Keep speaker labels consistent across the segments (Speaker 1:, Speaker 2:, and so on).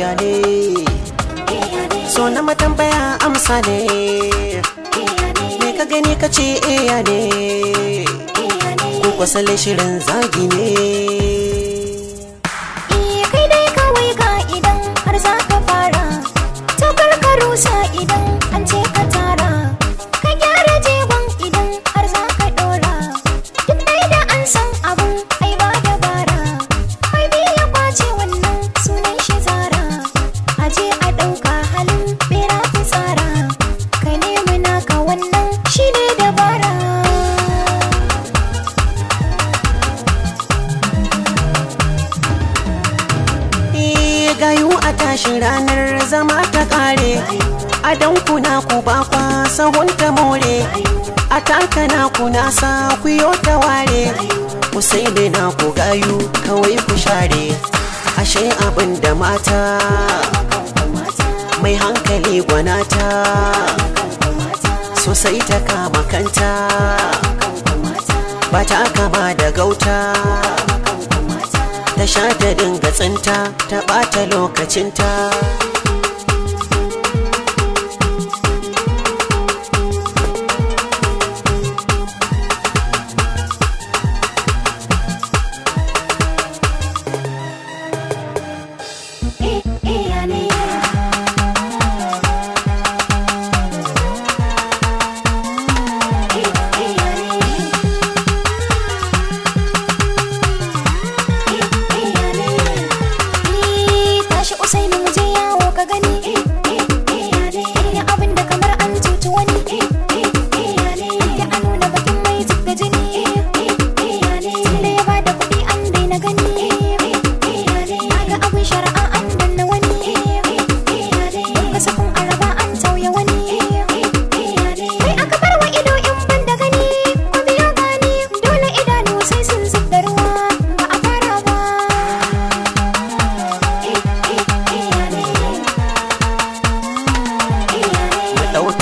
Speaker 1: lafiya na matambaya amsa ne me ka gani ka ce eya eh, ne ko kwasalin shirin zagi ne eh,
Speaker 2: har za ka fara ka rusa idan an ce ka ta
Speaker 1: tashi ranar zama ta kare a dan kuna ku ba sahun ta more a taka na kuna sa yi ta ware ku sai ne na ku gayu kawai ku share ashe abin da mata mai hankali gwanata sosai ta kama kanta ba ta kama da gauta ta sha ta dinga tsinta ta ɓata lokacinta 我谁能？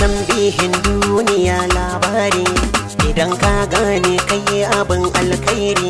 Speaker 1: tambihin duniya labari idan ka gane kai abin alkhairi